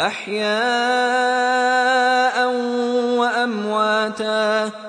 أَحْيَاءً وَأَمْوَاتًا